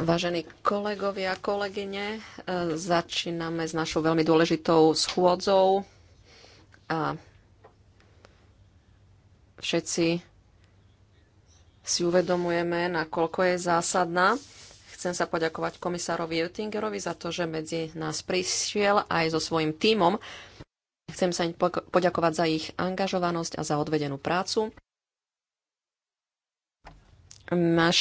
Vážení kolegovia a kolegyne, e, začíname s našou veľmi dôležitou schôdzou a všetci si uvedomujeme, nakoľko je zásadná. Chcem sa poďakovať komisárovi Oettingerovi za to, že medzi nás prišiel aj so svojím tímom. Chcem sa im poďakovať za ich angažovanosť a za odvedenú prácu. Náš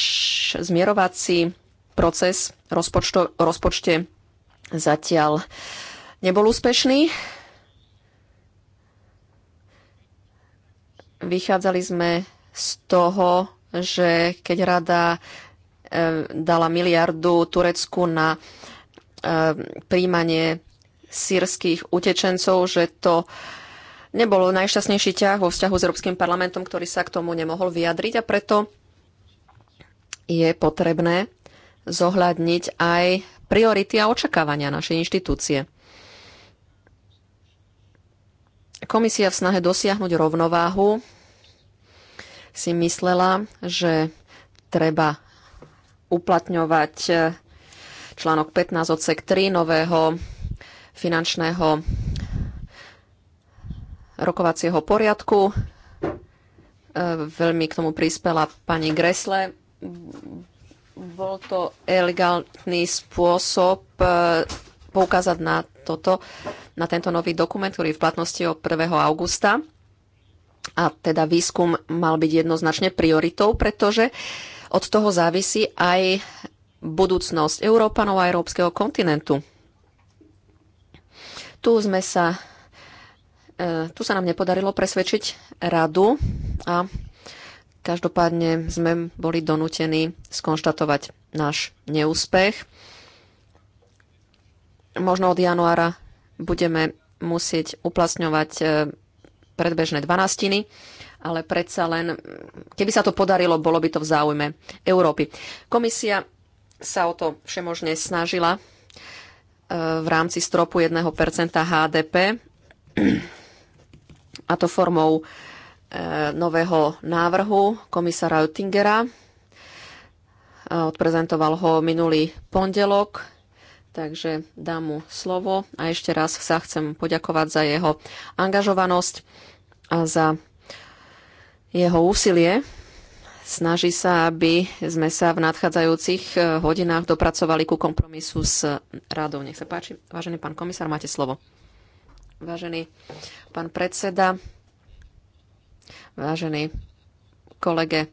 zmierovací proces rozpočto, rozpočte zatiaľ nebol úspešný. Vychádzali sme z toho, že keď rada e, dala miliardu Turecku na e, príjmanie sírskych utečencov, že to nebol najšťastnejší ťah vo vzťahu s Európskym parlamentom, ktorý sa k tomu nemohol vyjadriť a preto je potrebné zohľadniť aj priority a očakávania našej inštitúcie. Komisia v snahe dosiahnuť rovnováhu si myslela, že treba uplatňovať eh, článok 15 odsek 3 nového finančného rokovacieho poriadku. Eh, veľmi k tomu prispela pani Gresle bol to elegantný spôsob e, poukázať na toto, na tento nový dokument, ktorý je v platnosti od 1. augusta. A teda výskum mal byť jednoznačne prioritou, pretože od toho závisí aj budúcnosť Európanov a európskeho kontinentu. Tu sme sa e, tu sa nám nepodarilo presvedčiť radu a Každopádne sme boli donútení skonštatovať náš neúspech. Možno od januára budeme musieť uplatňovať e, predbežné dvanastiny, ale predsa len, keby sa to podarilo, bolo by to v záujme Európy. Komisia sa o to všemožne snažila e, v rámci stropu 1% HDP a to formou E, nového návrhu komisára Oettingera. E, odprezentoval ho minulý pondelok, takže dám mu slovo a ešte raz sa chcem poďakovať za jeho angažovanosť a za jeho úsilie. Snaží sa, aby sme sa v nadchádzajúcich e, hodinách dopracovali ku kompromisu s radou. Nech sa páči. Vážený pán komisár, máte slovo. Vážený pán predseda, vážený kolege,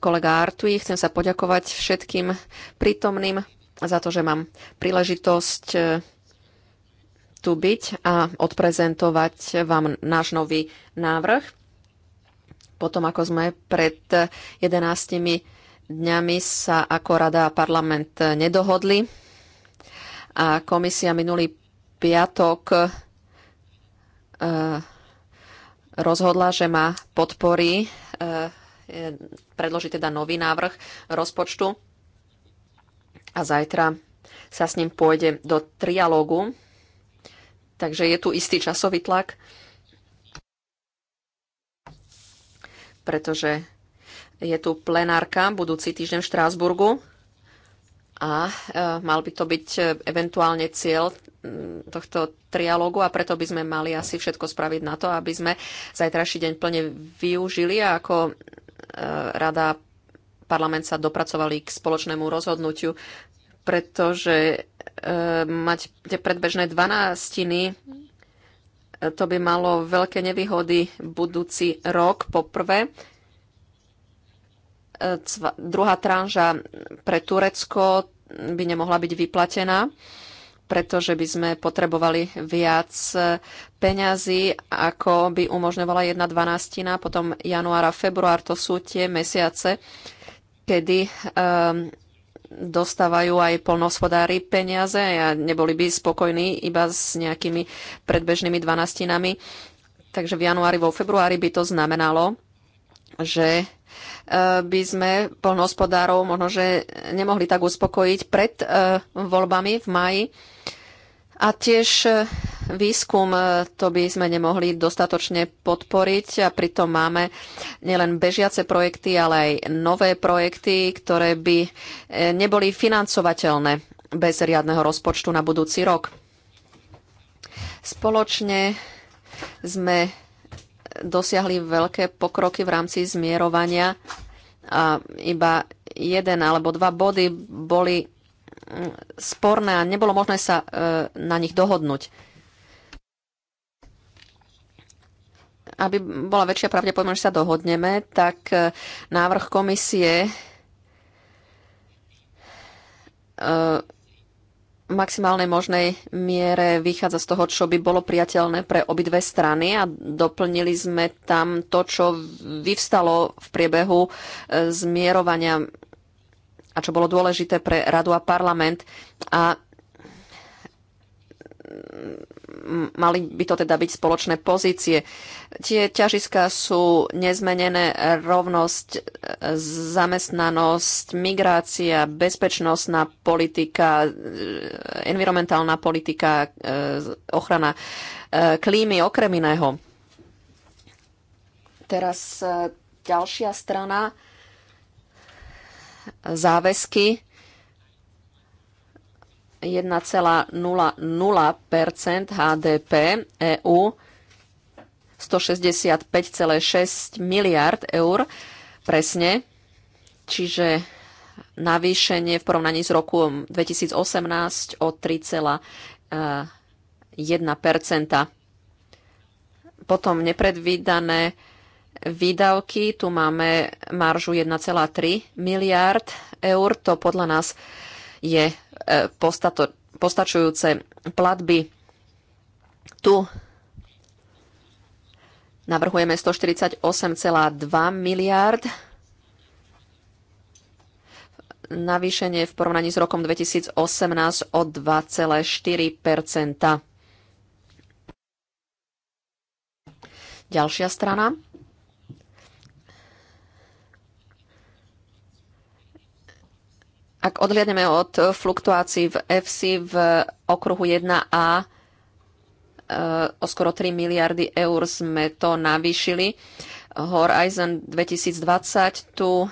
kolega Artui. Chcem sa poďakovať všetkým prítomným za to, že mám príležitosť e, tu byť a odprezentovať vám náš nový návrh. Potom, ako sme pred 11 dňami sa ako Rada a parlament nedohodli a komisia minulý piatok e, rozhodla, že ma podporí, e, e, predloží teda nový návrh rozpočtu a zajtra sa s ním pôjde do trialógu. Takže je tu istý časový tlak, pretože je tu plenárka budúci týždeň v Štrásburgu a e, mal by to byť e, eventuálne cieľ tohto trialógu a preto by sme mali asi všetko spraviť na to, aby sme zajtrajší deň plne využili a ako e, rada parlament sa dopracovali k spoločnému rozhodnutiu, pretože mať tie predbežné dvanástiny to by malo veľké nevýhody budúci rok poprvé, druhá tranža pre Turecko, by nemohla byť vyplatená, pretože by sme potrebovali viac eh, peňazí, ako by umožňovala 1,12. Potom január a február to sú tie mesiace, kedy um, dostávajú aj polnohospodári peniaze a neboli by spokojní iba s nejakými predbežnými dvanastinami. Takže v januári, vo februári by to znamenalo, že e, by sme polnohospodárov možno, že nemohli tak uspokojiť pred e, voľbami v maji. A tiež e, výskum, to by sme nemohli dostatočne podporiť a pritom máme nielen bežiace projekty, ale aj nové projekty, ktoré by neboli financovateľné bez riadneho rozpočtu na budúci rok. Spoločne sme dosiahli veľké pokroky v rámci zmierovania a iba jeden alebo dva body boli mm, sporné a nebolo možné sa e, na nich dohodnúť. Aby bola väčšia pravdepodobnosť, že sa dohodneme, tak e, návrh komisie e, maximálnej možnej miere vychádza z toho, čo by bolo priateľné pre obidve strany a doplnili sme tam to, čo vyvstalo v priebehu e, zmierovania a čo bolo dôležité pre radu a parlament. A mali by to teda byť spoločné pozície. Tie ťažiska sú nezmenené rovnosť, e, zamestnanosť, migrácia, bezpečnostná politika, e, environmentálna politika, e, ochrana klímy, okrem iného. Teraz ďalšia strana záväzky 1,00 HDP EÚ 165,6 miliard eur presne, čiže navýšenie v porovnaní s roku 2018 o 3,1 Potom nepredvídané výdavky, tu máme maržu 1,3 miliard eur, to podľa nás je E, postačujúce platby. Tu navrhujeme 148,2 miliárd navýšenie v porovnaní s rokom 2018 o 2,4 Ďalšia strana. Ak odhliadneme od fluktuácií v EFSI v okruhu 1A, e, o skoro 3 miliardy eur sme to navýšili. Horizon 2020 tu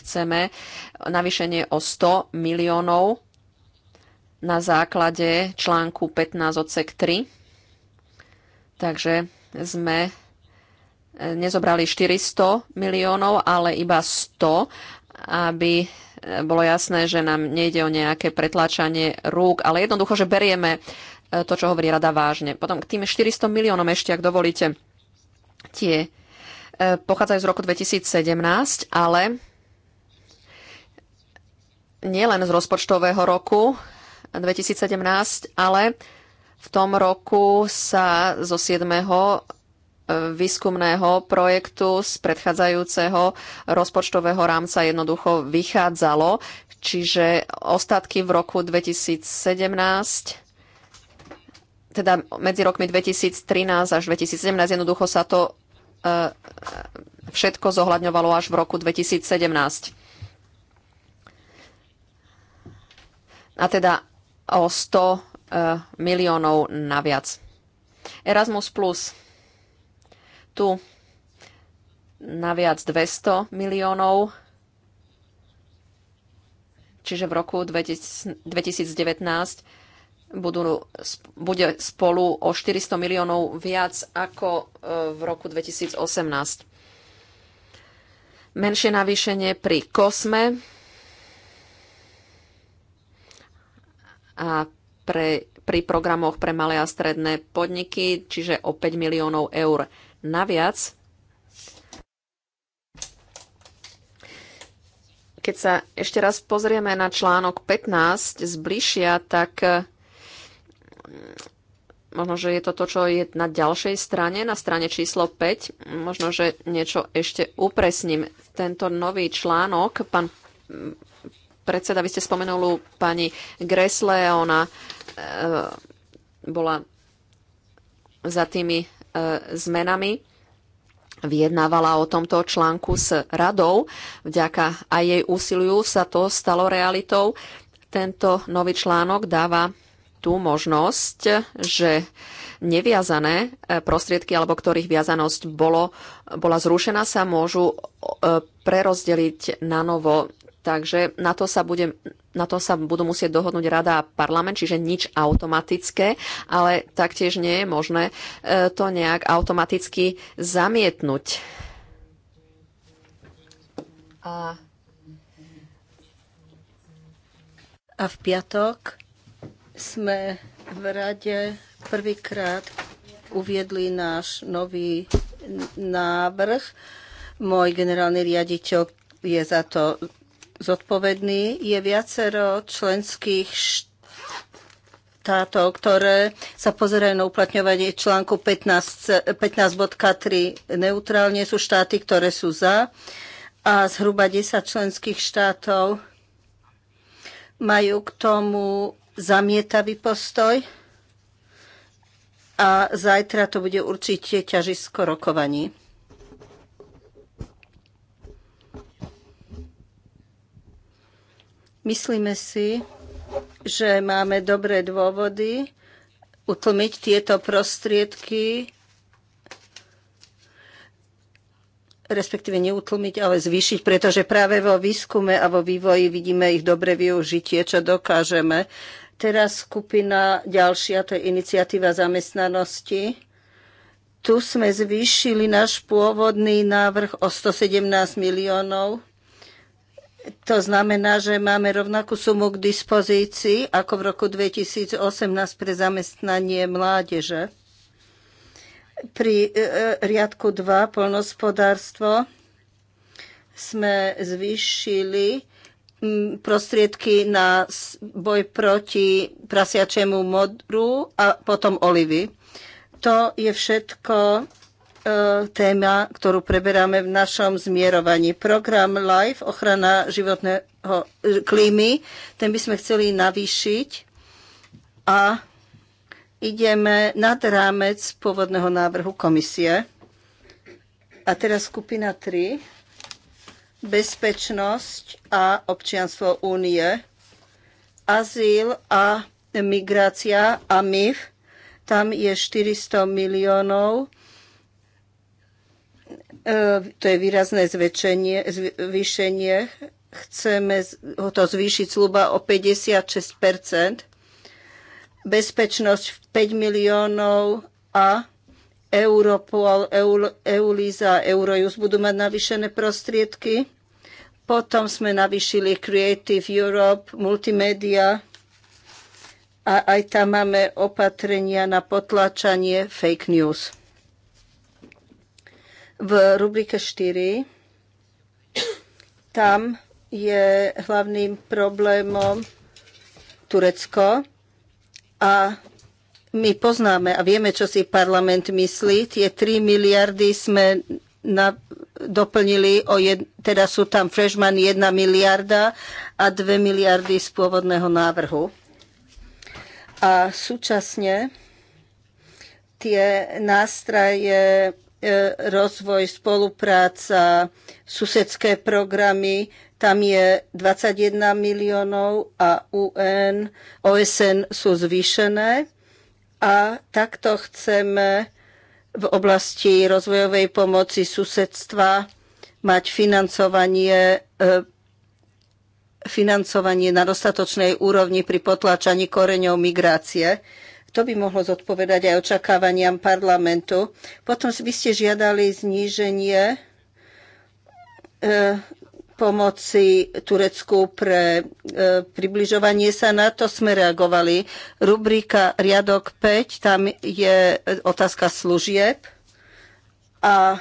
chceme navýšenie o 100 miliónov na základe článku 15 odsek 3. Takže sme e, nezobrali 400 miliónov, ale iba 100, aby bolo jasné, že nám nejde o nejaké pretláčanie rúk, ale jednoducho, že berieme e, to, čo hovorí rada vážne. Potom k tým 400 miliónom ešte, ak dovolíte, tie e, pochádzajú z roku 2017, ale nielen z rozpočtového roku 2017, ale v tom roku sa zo 7 výskumného projektu z predchádzajúceho rozpočtového rámca jednoducho vychádzalo. Čiže ostatky v roku 2017 teda medzi rokmi 2013 až 2017 jednoducho sa to e, všetko zohľadňovalo až v roku 2017. A teda o 100 e, miliónov naviac. Erasmus Plus tu naviac 200 miliónov, čiže v roku 2019 budú, bude spolu o 400 miliónov viac ako e, v roku 2018. Menšie navýšenie pri kosme a pre, pri programoch pre malé a stredné podniky, čiže o 5 miliónov eur Naviac, keď sa ešte raz pozrieme na článok 15 zbližšia, tak eh, možno, že je to to, čo je na ďalšej strane, na strane číslo 5. Možno, že niečo ešte upresním. Tento nový článok, pán mm, predseda, vy ste spomenuli pani Gresle, ona e, bola za tými E, zmenami vyjednávala o tomto článku s radou. Vďaka aj jej úsiliu sa to stalo realitou. Tento nový článok dáva tú možnosť, že neviazané e, prostriedky, alebo ktorých viazanosť bolo, bola zrušená, sa môžu e, prerozdeliť na novo Takže na to, sa bude, na to sa budú musieť dohodnúť rada a parlament, čiže nič automatické, ale taktiež nie je možné e, to nejak automaticky zamietnúť. A, a v piatok sme v rade prvýkrát uviedli náš nový návrh. Môj generálny riaditeľ je za to zodpovedný. Je viacero členských štátov, ktoré sa pozerajú na uplatňovanie článku 15.3 15 neutrálne. Sú štáty, ktoré sú za a zhruba 10 členských štátov majú k tomu zamietavý postoj a zajtra to bude určite ťažisko rokovaní. Myslíme si, že máme dobré dôvody utlmiť tieto prostriedky, respektíve neutlmiť, ale zvýšiť, pretože práve vo výskume a vo vývoji vidíme ich dobre využitie, čo dokážeme. Teraz skupina ďalšia, to je iniciatíva zamestnanosti. Tu sme zvýšili náš pôvodný návrh o 117 miliónov to znamená, že máme rovnakú sumu k dispozícii ako v roku 2018 pre zamestnanie mládeže. Pri e, e, riadku 2 polnospodárstvo sme zvýšili prostriedky na boj proti prasiačemu modru a potom olivy. To je všetko E, téma, ktorú preberáme v našom zmierovaní. Program LIFE, ochrana životného e, klímy, ten by sme chceli navýšiť a ideme nad rámec pôvodného návrhu komisie. A teraz skupina 3, bezpečnosť a občianstvo únie, azyl a migrácia a MIF, tam je 400 miliónov E, to je výrazné zväčšenie, zvýšenie. Chceme to zvýšiť sluba o 56 bezpečnosť 5 miliónov a Europol, Eulisa, Eurojus budú mať navýšené prostriedky. Potom sme navýšili Creative Europe, Multimedia a aj tam máme opatrenia na potlačanie fake news v rubrike 4. Tam je hlavným problémom Turecko a my poznáme a vieme, čo si parlament myslí. Tie 3 miliardy sme na, doplnili, o jed, teda sú tam freshman 1 miliarda a 2 miliardy z pôvodného návrhu. A súčasne tie nástraje E, rozvoj, spolupráca, susedské programy, tam je 21 miliónov a UN, OSN sú zvýšené a takto chceme v oblasti rozvojovej pomoci susedstva mať financovanie e, financovanie na dostatočnej úrovni pri potláčaní koreňov migrácie. To by mohlo zodpovedať aj očakávaniam parlamentu. Potom by ste žiadali zníženie e, pomoci Turecku pre e, približovanie sa na to sme reagovali. Rubrika riadok 5, tam je otázka služieb a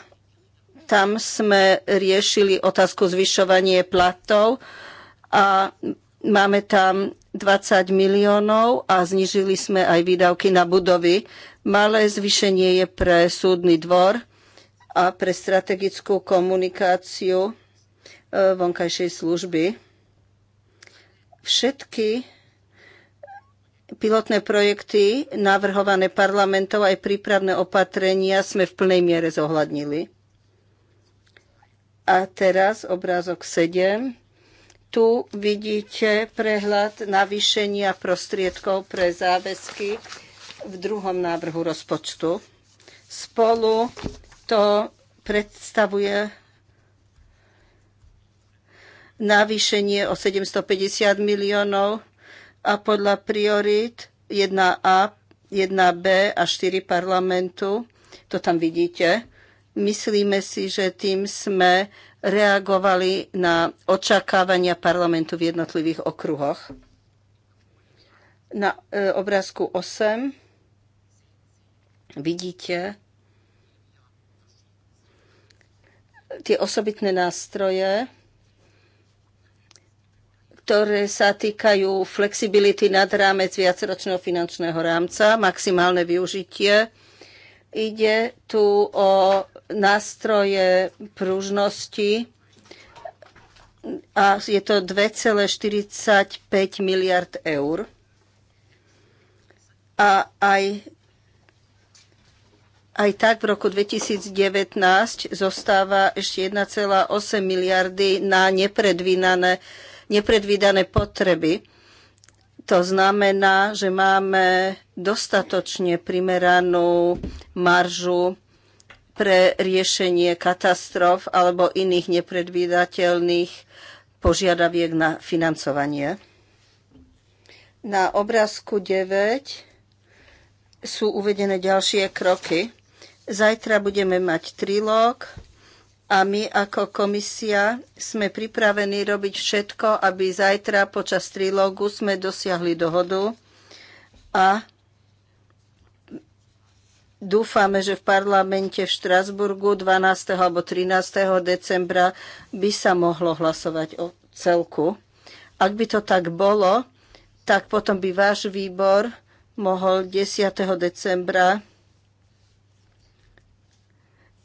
tam sme riešili otázku zvyšovanie platov a máme tam 20 miliónov a znižili sme aj výdavky na budovy. Malé zvýšenie je pre súdny dvor a pre strategickú komunikáciu e, vonkajšej služby. Všetky pilotné projekty navrhované parlamentov aj prípravné opatrenia sme v plnej miere zohľadnili. A teraz obrázok 7. Tu vidíte prehľad navýšenia prostriedkov pre záväzky v druhom návrhu rozpočtu. Spolu to predstavuje navýšenie o 750 miliónov a podľa priorít 1A, 1B a 4 parlamentu, to tam vidíte, myslíme si, že tým sme reagovali na očakávania parlamentu v jednotlivých okruhoch. Na e, obrázku 8 vidíte tie osobitné nástroje, ktoré sa týkajú flexibility nad rámec viacročného finančného rámca, maximálne využitie. Ide tu o nástroje pružnosti a je to 2,45 miliard eur. A aj, aj tak v roku 2019 zostáva ešte 1,8 miliardy na nepredvídané, nepredvídané potreby. To znamená, že máme dostatočne primeranú maržu pre riešenie katastrof alebo iných nepredvídateľných požiadaviek na financovanie. Na obrázku 9 sú uvedené ďalšie kroky. Zajtra budeme mať trilóg a my ako komisia sme pripravení robiť všetko, aby zajtra počas trilógu sme dosiahli dohodu a Dúfame, že v parlamente v Štrasburgu 12. alebo 13. decembra by sa mohlo hlasovať o celku. Ak by to tak bolo, tak potom by váš výbor mohol 10. decembra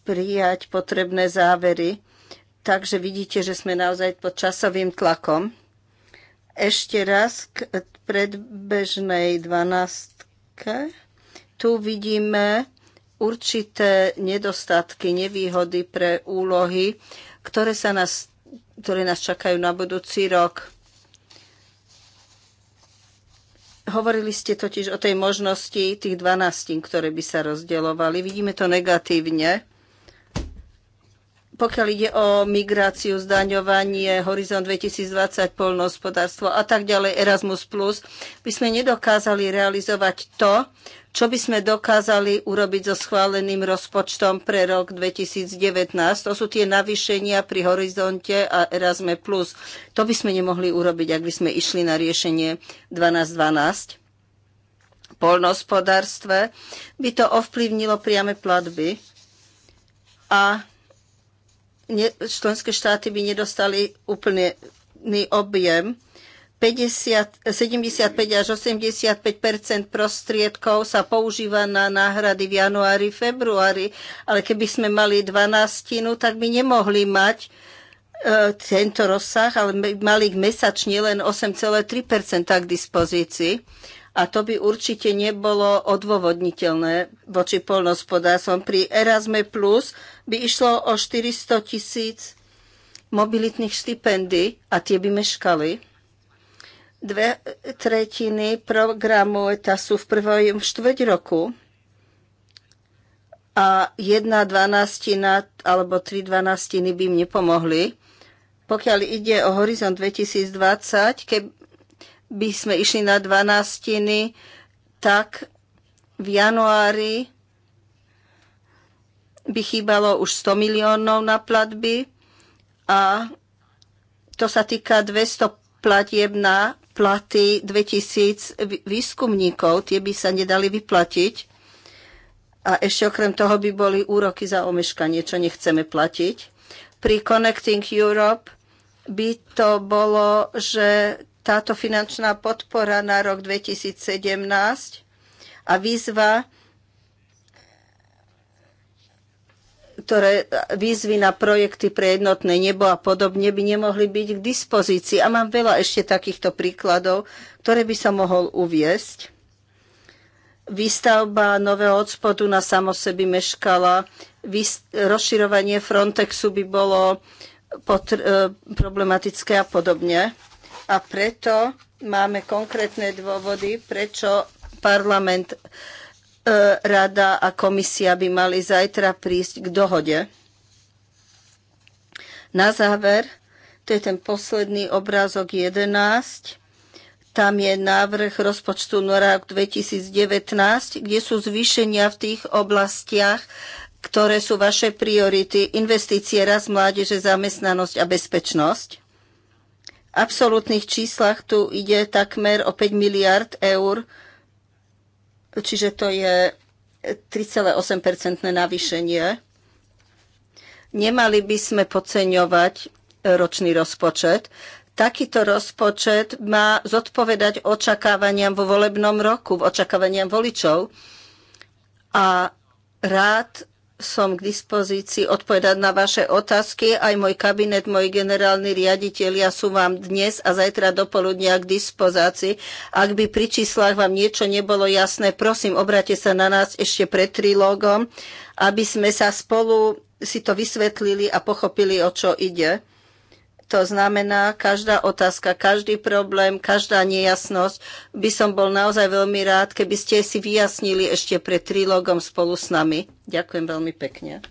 prijať potrebné závery. Takže vidíte, že sme naozaj pod časovým tlakom. Ešte raz k predbežnej 12. Tu vidíme určité nedostatky, nevýhody pre úlohy, ktoré, sa nás, ktoré nás čakajú na budúci rok. Hovorili ste totiž o tej možnosti tých 12, ktoré by sa rozdielovali. Vidíme to negatívne. Pokiaľ ide o migráciu, zdaňovanie, Horizon 2020, polnohospodárstvo a tak ďalej, Erasmus+, by sme nedokázali realizovať to, čo by sme dokázali urobiť so schváleným rozpočtom pre rok 2019. To sú tie navýšenia pri Horizonte a Erasme+. To by sme nemohli urobiť, ak by sme išli na riešenie 12.12. V polnospodárstve by to ovplyvnilo priame platby a členské štáty by nedostali úplný objem 50, 75 až 85 prostriedkov sa používa na náhrady v januári, februári, ale keby sme mali 12, tak by nemohli mať e, tento rozsah, ale mali mesačne len 8,3 k dispozícii. A to by určite nebolo odôvodniteľné voči polnospodárstvom. Pri Erasme Plus by išlo o 400 tisíc mobilitných štipendí a tie by meškali Dve tretiny programu ETA sú v prvom štvrť roku a jedna dvanástina alebo tri dvanástiny by im nepomohli. Pokiaľ ide o horizont 2020, keby sme išli na dvanástiny, tak v januári by chýbalo už 100 miliónov na platby a to sa týka 200 platieb na platy 2000 výskumníkov, tie by sa nedali vyplatiť. A ešte okrem toho by boli úroky za omeškanie, čo nechceme platiť. Pri Connecting Europe by to bolo, že táto finančná podpora na rok 2017 a výzva ktoré výzvy na projekty pre jednotné nebo a podobne by nemohli byť k dispozícii. A mám veľa ešte takýchto príkladov, ktoré by sa mohol uviesť. Výstavba nového odspodu na samo sebi meškala, rozširovanie Frontexu by bolo e, problematické a podobne. A preto máme konkrétne dôvody, prečo parlament E, rada a komisia by mali zajtra prísť k dohode. Na záver, to je ten posledný obrázok 11. Tam je návrh rozpočtu na rok 2019, kde sú zvýšenia v tých oblastiach, ktoré sú vaše priority, investície, raz mládeže, zamestnanosť a bezpečnosť. V absolútnych číslach tu ide takmer o 5 miliard eur, čiže to je 38 navýšenie. Nemali by sme podceňovať ročný rozpočet. Takýto rozpočet má zodpovedať očakávaniam vo volebnom roku, očakávaniam voličov. A rád som k dispozícii odpovedať na vaše otázky. Aj môj kabinet, generálny generálni riaditeľia sú vám dnes a zajtra poludnia k dispozácii. Ak by pri číslach vám niečo nebolo jasné, prosím, obráte sa na nás ešte pred trilógom, aby sme sa spolu si to vysvetlili a pochopili, o čo ide. To znamená, každá otázka, každý problém, každá nejasnosť by som bol naozaj veľmi rád, keby ste si vyjasnili ešte pred trilógom spolu s nami. Ďakujem veľmi pekne.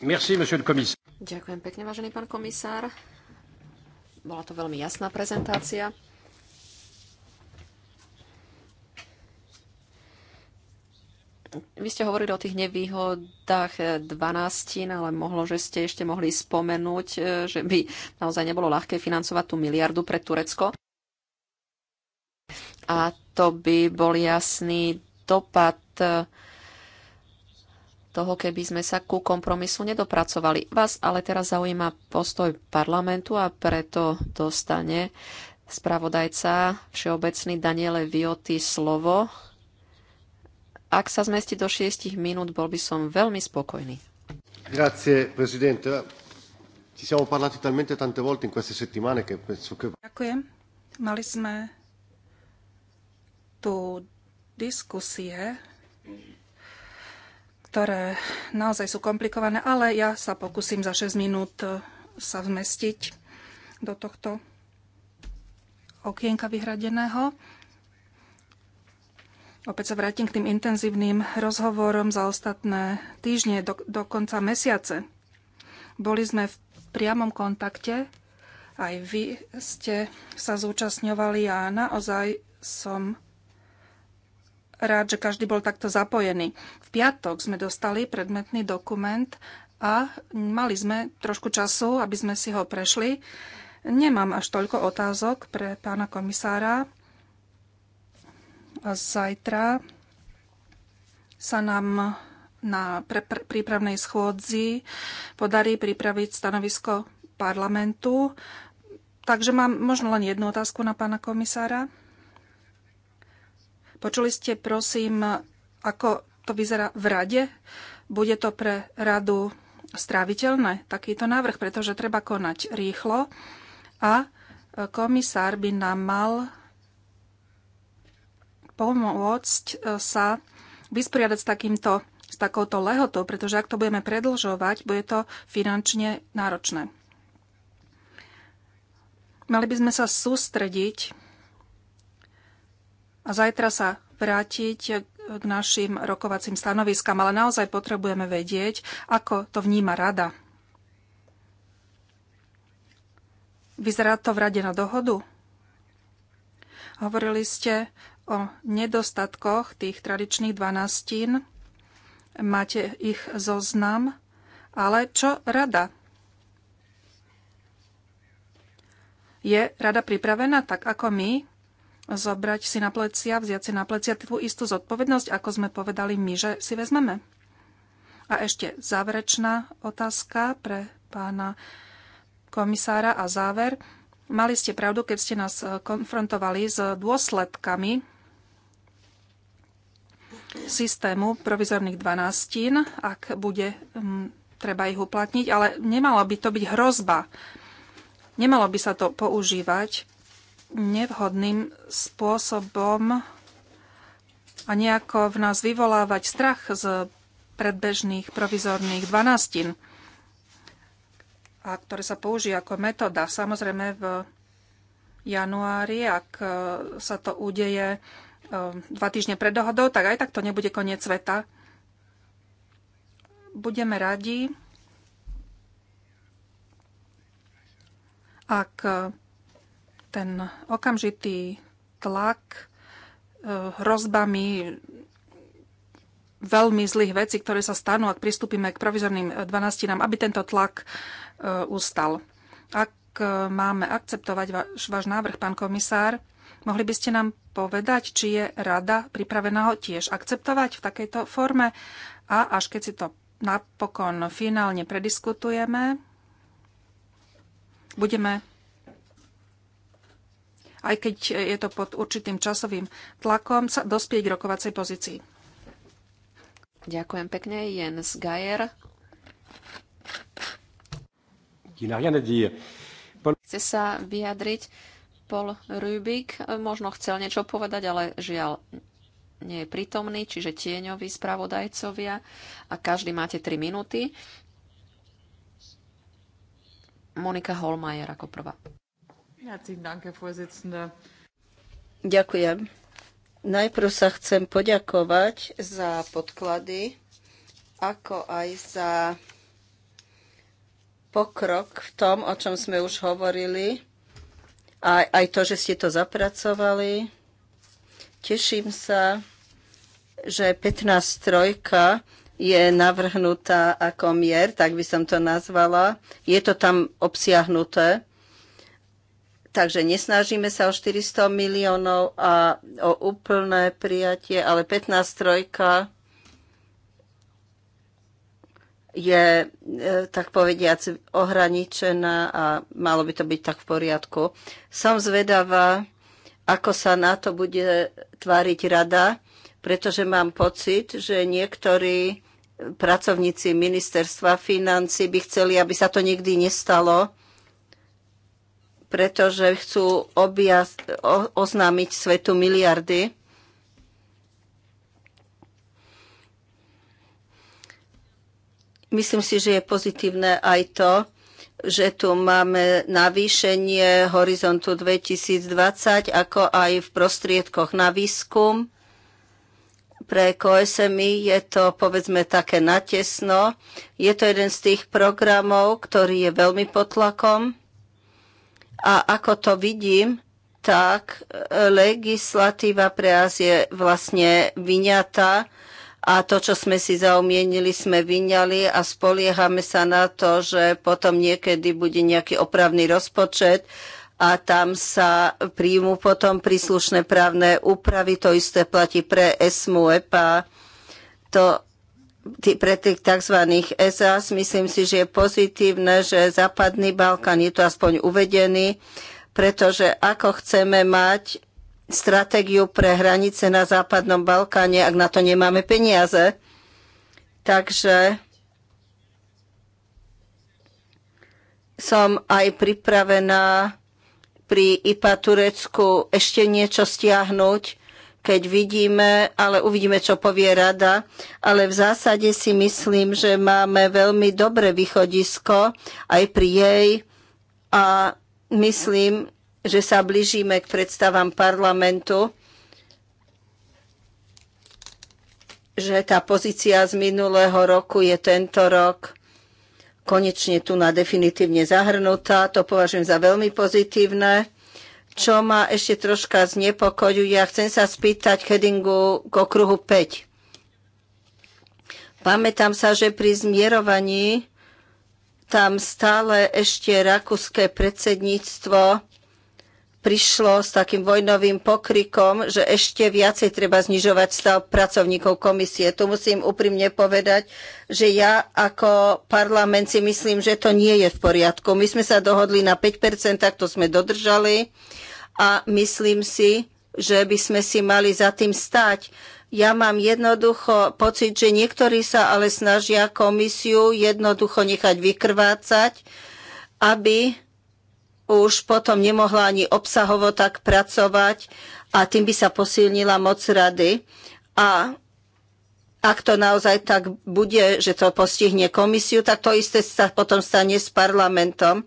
Merci, Ďakujem pekne, vážený pán komisár. Bola to veľmi jasná prezentácia. Vy ste hovorili o tých nevýhodách 12, eh, ale mohlo, že ste ešte mohli spomenúť, eh, že by naozaj nebolo ľahké financovať tú miliardu pre Turecko. A to by bol jasný dopad eh, toho, keby sme sa ku kompromisu nedopracovali. Vás ale teraz zaujíma postoj parlamentu a preto dostane spravodajca všeobecný Daniele Vioty slovo ak sa zmestí do šiestich minút, bol by som veľmi spokojný. Ďakujem. Mali sme tu diskusie, ktoré naozaj sú komplikované, ale ja sa pokúsim za 6 minút eh, sa vmestiť do tohto okienka vyhradeného. Opäť sa vrátim k tým intenzívnym rozhovorom za ostatné týždne, do, dokonca mesiace. Boli sme v priamom kontakte, aj vy ste sa zúčastňovali a naozaj som rád, že každý bol takto zapojený. V piatok sme dostali predmetný dokument a mali sme trošku času, aby sme si ho prešli. Nemám až toľko otázok pre pána komisára Zajtra sa nám na prípravnej schôdzi podarí pripraviť stanovisko parlamentu. Takže mám možno len jednu otázku na pána komisára. Počuli ste, prosím, ako to vyzerá v rade? Bude to pre radu stráviteľné, takýto návrh, pretože treba konať rýchlo a komisár by nám mal pomôcť e, sa vysporiadať s takýmto s takouto lehotou, pretože ak to budeme predlžovať, bude to finančne náročné. Mali by sme sa sústrediť a zajtra sa vrátiť k našim rokovacím stanoviskám, ale naozaj potrebujeme vedieť, ako to vníma rada. Vyzerá to v rade na dohodu? Hovorili ste o nedostatkoch tých tradičných dvanastín. Máte ich zoznam, ale čo rada? Je rada pripravená, tak ako my, zobrať si na plecia, vziať si na plecia tú istú zodpovednosť, ako sme povedali my, že si vezmeme? A ešte záverečná otázka pre pána komisára a záver. Mali ste pravdu, keď ste nás konfrontovali s dôsledkami systému provizorných dvanástín, ak bude um, treba ich uplatniť, ale nemala by to byť hrozba. Nemalo by sa to používať nevhodným spôsobom a nejako v nás vyvolávať strach z predbežných provizorných dvanástin, a ktoré sa použijú ako metóda. Samozrejme v januári, ak sa to udeje Ehm, dva týždne pred dohodou, tak aj tak to nebude koniec sveta. Budeme radi, ak ten okamžitý tlak eh, hrozbami veľmi zlých vecí, ktoré sa stanú, ak pristúpime k provizorným 12 eh, aby tento tlak eh, ustal. Ak máme akceptovať váš návrh, pán komisár, Mohli by ste nám povedať, či je rada pripravená ho tiež akceptovať v takejto forme a až keď si to napokon finálne prediskutujeme, budeme aj keď je to pod určitým časovým tlakom, sa dospieť k rokovacej pozícii. Ďakujem pekne, Jens Geier. Chce sa vyjadriť. Paul Rubik možno chcel niečo povedať, ale žiaľ nie je prítomný, čiže tieňoví spravodajcovia a každý máte 3 minúty. Monika Holmajer ako prvá. Ďakujem. Najprv sa chcem poďakovať za podklady, ako aj za pokrok v tom, o čom sme už hovorili a aj to, že ste to zapracovali. Teším sa, že 15 trojka je navrhnutá ako mier, tak by som to nazvala. Je to tam obsiahnuté. Takže nesnažíme sa o 400 miliónov a o úplné prijatie, ale 15 trojka je, e, tak povediac, ohraničená a malo by to byť tak v poriadku. Som zvedavá, ako sa na to bude tváriť rada, pretože mám pocit, že niektorí pracovníci ministerstva financí by chceli, aby sa to nikdy nestalo, pretože chcú objas- o- oznámiť svetu miliardy Myslím si, že je pozitívne aj to, že tu máme navýšenie horizontu 2020, ako aj v prostriedkoch na výskum. Pre KSMI je to, povedzme, také natesno. Je to jeden z tých programov, ktorý je veľmi pod tlakom. A ako to vidím, tak legislatíva pre nás je vlastne vyňatá a to, čo sme si zaumienili, sme vyňali a spoliehame sa na to, že potom niekedy bude nejaký opravný rozpočet a tam sa príjmu potom príslušné právne úpravy. To isté platí pre ESMU, EPA. To tý, pre tých tzv. SAS myslím si, že je pozitívne, že Západný Balkán je tu aspoň uvedený, pretože ako chceme mať stratégiu pre hranice na Západnom Balkáne, ak na to nemáme peniaze. Takže som aj pripravená pri IPA Turecku ešte niečo stiahnuť, keď vidíme, ale uvidíme, čo povie rada. Ale v zásade si myslím, že máme veľmi dobré východisko aj pri jej a myslím, že sa blížime k predstavám parlamentu, že tá pozícia z minulého roku je tento rok konečne tu na definitívne zahrnutá. To považujem za veľmi pozitívne. Čo ma ešte troška znepokojuje, ja chcem sa spýtať k headingu k okruhu 5. Pamätám sa, že pri zmierovaní tam stále ešte rakúske predsedníctvo prišlo s takým vojnovým pokrikom, že ešte viacej treba znižovať stav pracovníkov komisie. Tu musím úprimne povedať, že ja ako parlament si myslím, že to nie je v poriadku. My sme sa dohodli na 5%, to sme dodržali a myslím si, že by sme si mali za tým stať. Ja mám jednoducho pocit, že niektorí sa ale snažia komisiu jednoducho nechať vykrvácať, aby už potom nemohla ani obsahovo tak pracovať a tým by sa posilnila moc rady. A ak to naozaj tak bude, že to postihne komisiu, tak to isté sa potom stane s parlamentom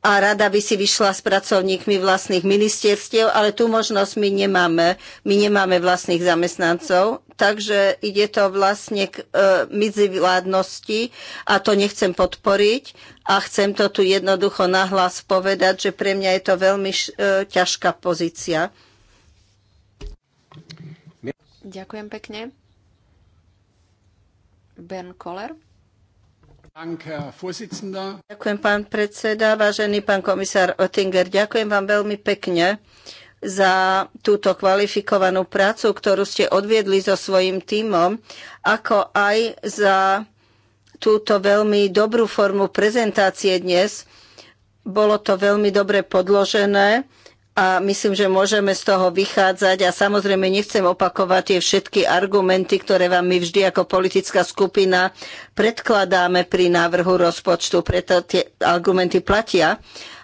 a rada by si vyšla s pracovníkmi vlastných ministerstiev, ale tú možnosť my nemáme. My nemáme vlastných zamestnancov, takže ide to vlastne k e, medzivládnosti a to nechcem podporiť a chcem to tu jednoducho nahlas povedať, že pre mňa je to veľmi š, e, ťažká pozícia. Ďakujem pekne. Ben Koller. Ďakujem, pán predseda, vážený pán komisár Oettinger. Ďakujem vám veľmi pekne za túto kvalifikovanú prácu, ktorú ste odviedli so svojím tímom, ako aj za túto veľmi dobrú formu prezentácie dnes. Bolo to veľmi dobre podložené a myslím, že môžeme z toho vychádzať a samozrejme nechcem opakovať tie všetky argumenty, ktoré vám my vždy ako politická skupina predkladáme pri návrhu rozpočtu, preto tie argumenty platia.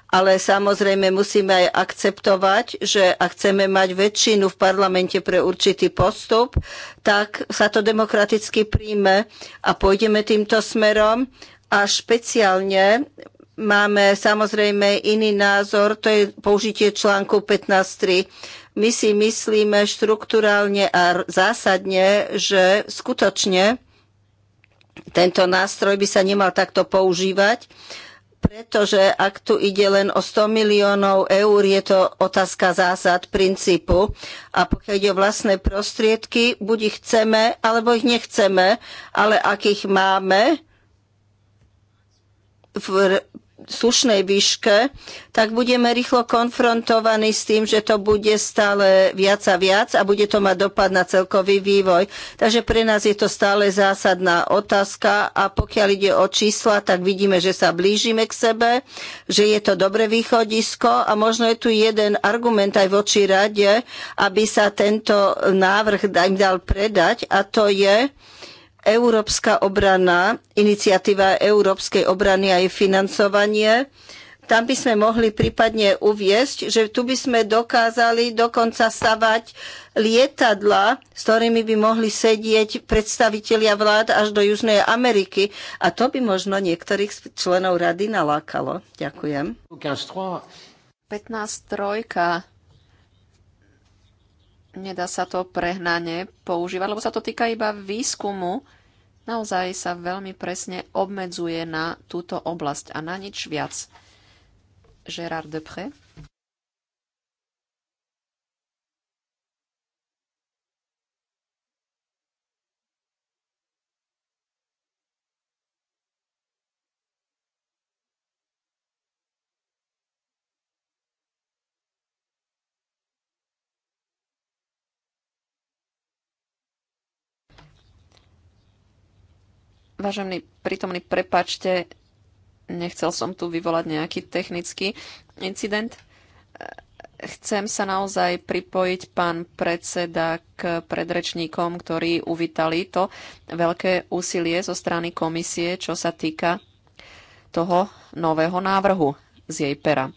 Ale samozrejme musíme aj akceptovať, že ak chceme mať väčšinu v parlamente pre určitý postup, tak sa to demokraticky príjme a pôjdeme týmto smerom. A špeciálne máme samozrejme iný názor, to je použitie článku 15.3. My si myslíme štrukturálne a zásadne, že skutočne tento nástroj by sa nemal takto používať, pretože ak tu ide len o 100 miliónov eur, je to otázka zásad, princípu. A pokiaľ ide o vlastné prostriedky, buď ich chceme, alebo ich nechceme, ale ak ich máme, v slušnej výške, tak budeme rýchlo konfrontovaní s tým, že to bude stále viac a viac a bude to mať dopad na celkový vývoj. Takže pre nás je to stále zásadná otázka a pokiaľ ide o čísla, tak vidíme, že sa blížime k sebe, že je to dobré východisko a možno je tu jeden argument aj voči rade, aby sa tento návrh im dal predať a to je, Európska obrana, iniciatíva Európskej obrany a jej financovanie. Tam by sme mohli prípadne uviesť, že tu by sme dokázali dokonca stavať lietadla, s ktorými by mohli sedieť predstavitelia vlád až do Južnej Ameriky. A to by možno niektorých členov rady nalákalo. Ďakujem. 15 trojka nedá sa to prehnane používať, lebo sa to týka iba výskumu naozaj sa veľmi presne obmedzuje na túto oblasť a na nič viac. Gérard Depré. Vážený prítomný, prepačte, nechcel som tu vyvolať nejaký technický incident. Chcem sa naozaj pripojiť, pán predseda, k predrečníkom, ktorí uvítali to veľké úsilie zo strany komisie, čo sa týka toho nového návrhu z jej pera.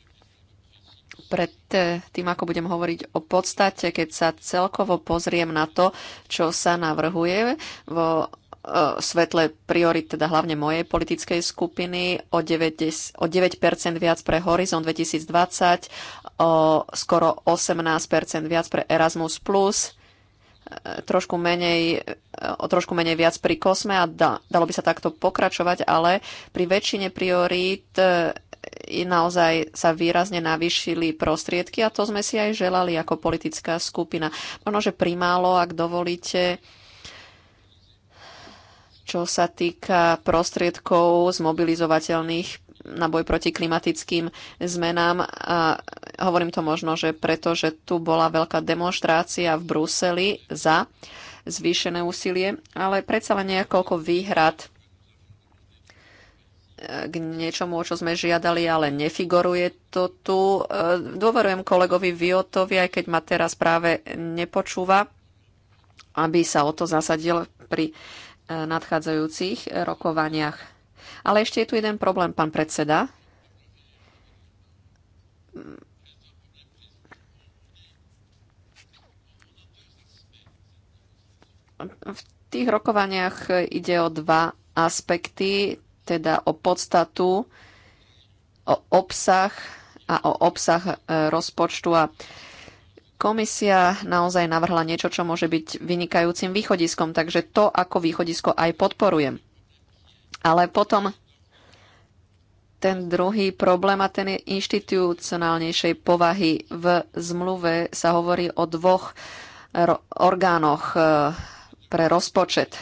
Pred eh, tým, ako budem hovoriť o podstate, keď sa celkovo pozriem na to, čo sa navrhuje vo E, svetle priorit teda hlavne mojej politickej skupiny o 9, o 9% viac pre Horizon 2020, o skoro 18% viac pre Erasmus+, e, trošku menej, e, o trošku menej viac pri kosme a da, dalo by sa takto pokračovať, ale pri väčšine priorít naozaj sa výrazne navýšili prostriedky a to sme si aj želali ako politická skupina. Možno, že primálo, ak dovolíte, čo sa týka prostriedkov zmobilizovateľných na boj proti klimatickým zmenám. A hovorím to možno, že preto, že tu bola veľká demonstrácia v Bruseli za zvýšené úsilie, ale predsa len nejakoľko výhrad e, k niečomu, o čo sme žiadali, ale nefiguruje to tu. E, dôverujem kolegovi Viotovi, aj keď ma teraz práve nepočúva, aby sa o to zasadil pri nadchádzajúcich rokovaniach. Ale ešte je tu jeden problém, pán predseda. V tých rokovaniach ide o dva aspekty, teda o podstatu, o obsah a o obsah e, rozpočtu a Komisia naozaj navrhla niečo, čo môže byť vynikajúcim východiskom, takže to ako východisko aj podporujem. Ale potom ten druhý problém a ten je inštitucionálnejšej povahy. V zmluve sa hovorí o dvoch orgánoch eh, pre rozpočet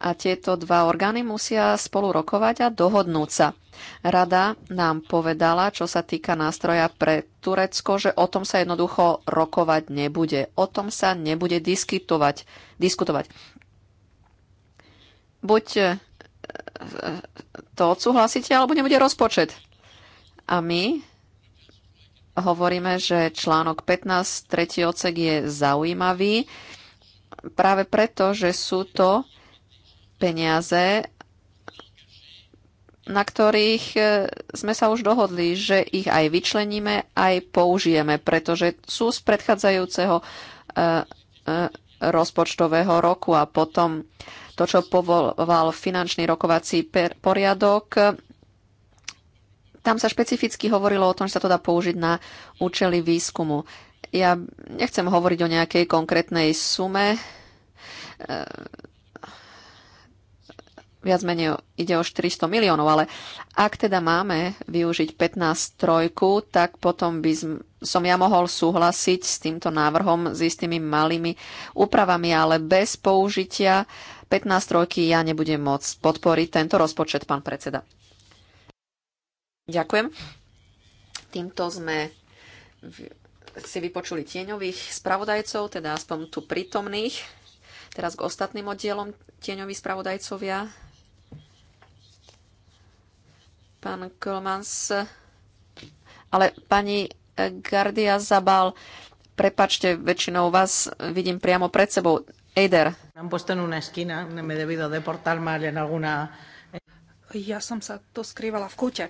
a tieto dva orgány musia spolu rokovať a dohodnúť sa. Rada nám povedala, čo sa týka nástroja pre Turecko, že o tom sa jednoducho rokovať nebude. O tom sa nebude diskutovať. diskutovať. Buď e, to odsúhlasíte, alebo nebude rozpočet. A my hovoríme, že článok 15, tretí ocek je zaujímavý práve preto, že sú to peniaze, na ktorých e, sme sa už dohodli, že ich aj vyčleníme, aj použijeme, pretože sú z predchádzajúceho e, e, rozpočtového roku a potom to, čo povoloval finančný rokovací poriadok, tam sa špecificky hovorilo o tom, že sa to dá použiť na účely výskumu. Ja nechcem hovoriť o nejakej konkrétnej sume viac menej ide o 400 miliónov, ale ak teda máme využiť 15 trojku, tak potom by som ja mohol súhlasiť s týmto návrhom s istými malými úpravami, ale bez použitia 15 trojky ja nebudem môcť podporiť tento rozpočet, pán predseda. Ďakujem. Týmto sme si vypočuli tieňových spravodajcov, teda aspoň tu prítomných. Teraz k ostatným oddielom tieňoví spravodajcovia pán Kolmans. Ale pani Gardia Zabal, prepačte, väčšinou vás vidím priamo pred sebou. Eider. Ja som sa tu skrývala v kúte.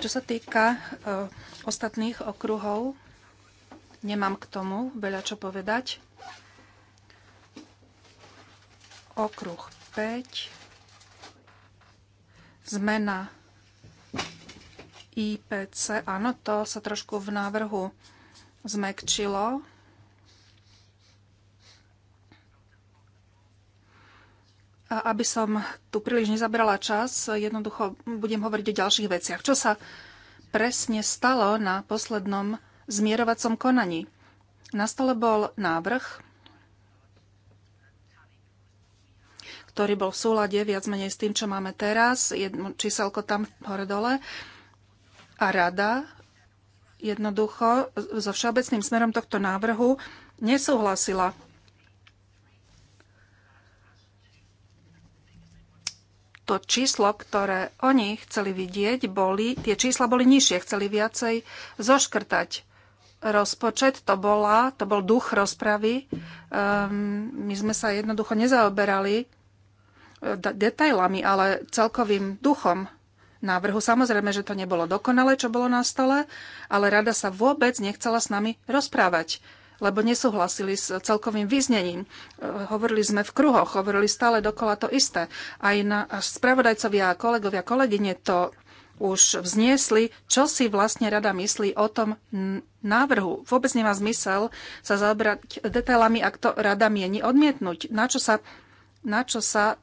Čo sa týka uh, ostatných okruhov, nemám k tomu veľa čo povedať. Okruh 5 zmena IPC. Áno, to sa trošku v návrhu zmekčilo. A aby som tu príliš nezabrala čas, jednoducho budem hovoriť o ďalších veciach. Čo sa presne stalo na poslednom zmierovacom konaní? Na stole bol návrh ktorý bol v súlade viac menej s tým, čo máme teraz, jedno číselko tam hore-dole. A rada jednoducho so všeobecným smerom tohto návrhu nesúhlasila. To číslo, ktoré oni chceli vidieť, boli, tie čísla boli nižšie, chceli viacej zoškrtať rozpočet, to, bola, to bol duch rozpravy. Um, my sme sa jednoducho nezaoberali detailami, ale celkovým duchom návrhu. Samozrejme, že to nebolo dokonalé, čo bolo na stole, ale rada sa vôbec nechcela s nami rozprávať, lebo nesúhlasili s celkovým význením. E, hovorili sme v kruhoch, hovorili stále dokola to isté. Aj na až spravodajcovia a kolegovia, kolegyne to už vzniesli, čo si vlastne rada myslí o tom návrhu. Vôbec nemá zmysel sa zaoberať detailami, ak to rada mieni odmietnúť. Na čo sa, na čo sa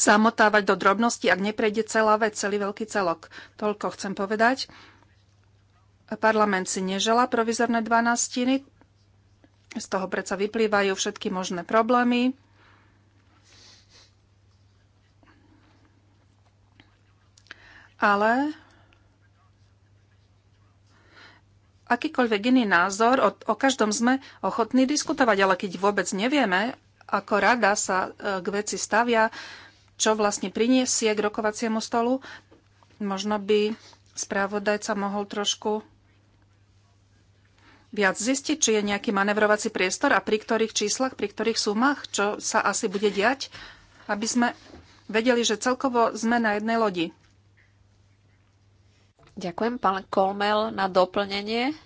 zamotávať do drobnosti, ak neprejde celá vec, celý veľký celok. Toľko chcem povedať. Parlament si nežela provizorné dvanáctiny, z toho predsa vyplývajú všetky možné problémy. Ale akýkoľvek iný názor, o, o každom sme ochotní diskutovať, ale keď vôbec nevieme, ako rada sa e, k veci stavia, čo vlastne priniesie k rokovaciemu stolu. Možno by správodajca mohol trošku viac zistiť, či je nejaký manevrovací priestor a pri ktorých číslach, pri ktorých sumách, čo sa asi bude diať, aby sme vedeli, že celkovo sme na jednej lodi. Ďakujem, pán Kolmel, na doplnenie.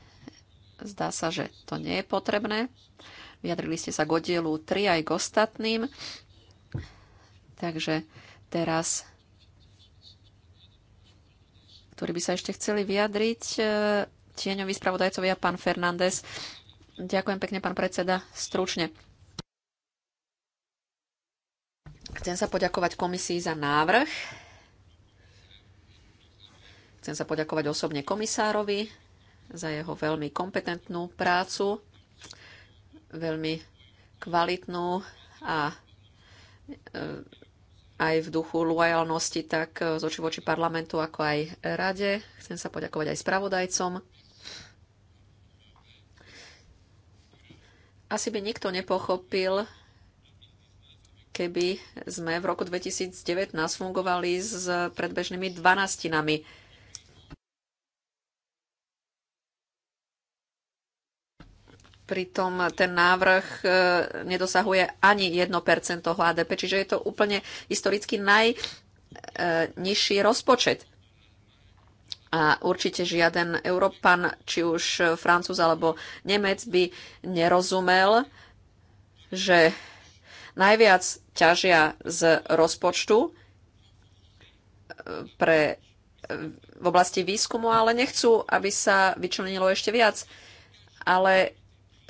Zdá sa, že to nie je potrebné. Vyjadrili ste sa k oddielu 3 aj k ostatným. Takže teraz, ktorí by sa ešte chceli vyjadriť, e, tieňoví spravodajcovia, pán Fernández. Ďakujem pekne, pán predseda, stručne. Chcem sa poďakovať komisii za návrh. Chcem sa poďakovať osobne komisárovi za jeho veľmi kompetentnú prácu, veľmi kvalitnú a e, aj v duchu lojalnosti, tak eh, z oči voči parlamentu, ako aj rade. Chcem sa poďakovať aj spravodajcom. Asi by nikto nepochopil, keby sme v roku 2019 fungovali s predbežnými dvanastinami pritom ten návrh e, nedosahuje ani 1% HDP, čiže je to úplne historicky najnižší e, rozpočet. A určite žiaden Európan, či už Francúz alebo Nemec by nerozumel, že najviac ťažia z rozpočtu e, pre, v oblasti výskumu, ale nechcú, aby sa vyčlenilo ešte viac. Ale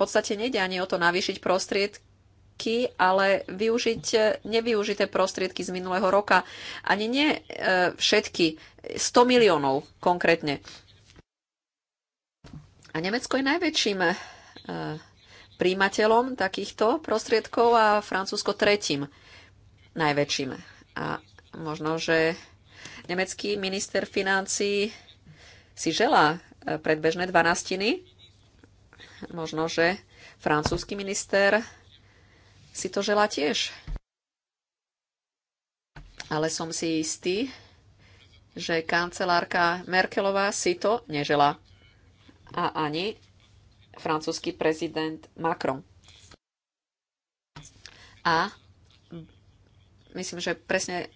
podstate nejde ani o to navýšiť prostriedky, ale využiť nevyužité prostriedky z minulého roka. Ani nie e, všetky, 100 miliónov konkrétne. A Nemecko je najväčším e, príjimateľom takýchto prostriedkov a Francúzsko tretím najväčším. A možno, že nemecký minister financí si želá e, predbežné dvanastiny, Možno, že francúzsky minister si to želá tiež. Ale som si istý, že kancelárka Merkelová si to nežela. A ani francúzsky prezident Macron. A myslím, že presne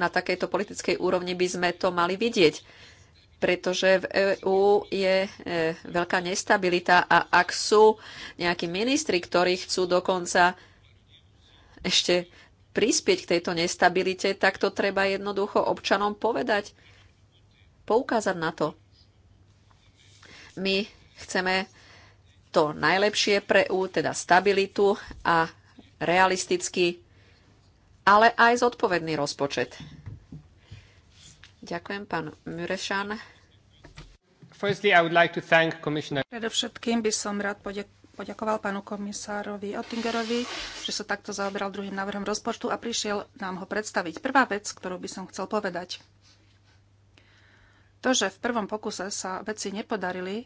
na takejto politickej úrovni by sme to mali vidieť pretože v EÚ je e, veľká nestabilita a ak sú nejakí ministri, ktorí chcú dokonca ešte prispieť k tejto nestabilite, tak to treba jednoducho občanom povedať, poukázať na to. My chceme to najlepšie pre EÚ, teda stabilitu a realistický, ale aj zodpovedný rozpočet. Ďakujem, pán Murešan. Predovšetkým by som rád poďakoval pánu komisárovi Ottingerovi, že sa takto zaoberal druhým návrhom rozpočtu a prišiel nám ho predstaviť. Prvá vec, ktorú by som chcel povedať. To, že v prvom pokuse sa veci nepodarili,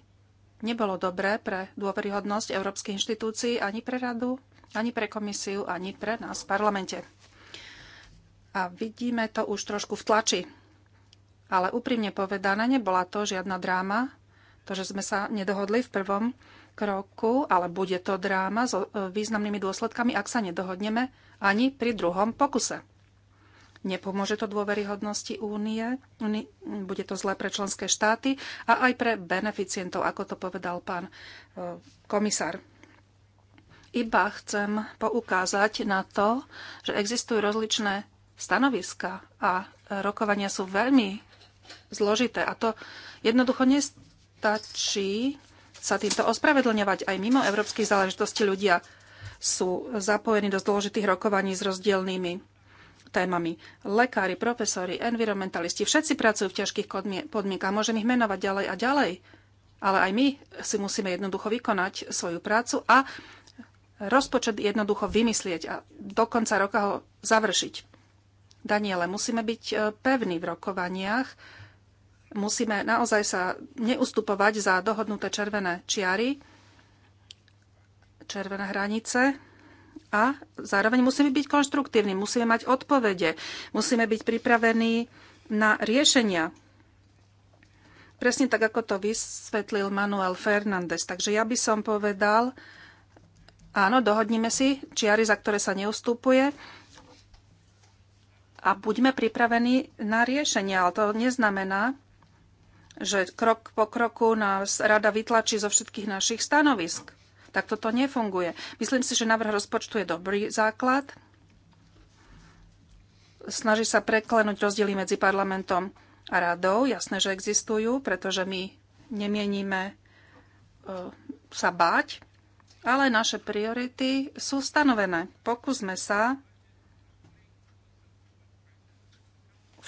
nebolo dobré pre dôveryhodnosť európskych inštitúcií ani pre radu, ani pre komisiu, ani pre nás v parlamente. A vidíme to už trošku v tlači ale úprimne povedané, nebola to žiadna dráma, to, že sme sa nedohodli v prvom kroku, ale bude to dráma s e, významnými dôsledkami, ak sa nedohodneme ani pri druhom pokuse. Nepomôže to dôveryhodnosti únie, bude to zlé pre členské štáty a aj pre beneficientov, ako to povedal pán e, komisár. Iba chcem poukázať na to, že existujú rozličné stanoviska a rokovania sú veľmi zložité. A to jednoducho nestačí sa týmto ospravedlňovať. Aj mimo európskych záležitostí ľudia sú zapojení do zložitých rokovaní s rozdielnými témami. Lekári, profesori, environmentalisti, všetci pracujú v ťažkých podmienkach. Môžem ich menovať ďalej a ďalej. Ale aj my si musíme jednoducho vykonať svoju prácu a rozpočet jednoducho vymyslieť a do konca roka ho završiť. Daniele, musíme byť e, pevní v rokovaniach musíme naozaj sa neustupovať za dohodnuté červené čiary, červené hranice a zároveň musíme byť konštruktívni, musíme mať odpovede, musíme byť pripravení na riešenia. Presne tak, ako to vysvetlil Manuel Fernández. Takže ja by som povedal, áno, dohodnime si čiary, za ktoré sa neustupuje a buďme pripravení na riešenia. Ale to neznamená, že krok po kroku nás rada vytlačí zo všetkých našich stanovisk. Tak toto nefunguje. Myslím si, že návrh rozpočtu je dobrý základ. Snaží sa preklenúť rozdiely medzi parlamentom a radou. Jasné, že existujú, pretože my nemieníme e, sa báť, ale naše priority sú stanovené. Pokúsme sa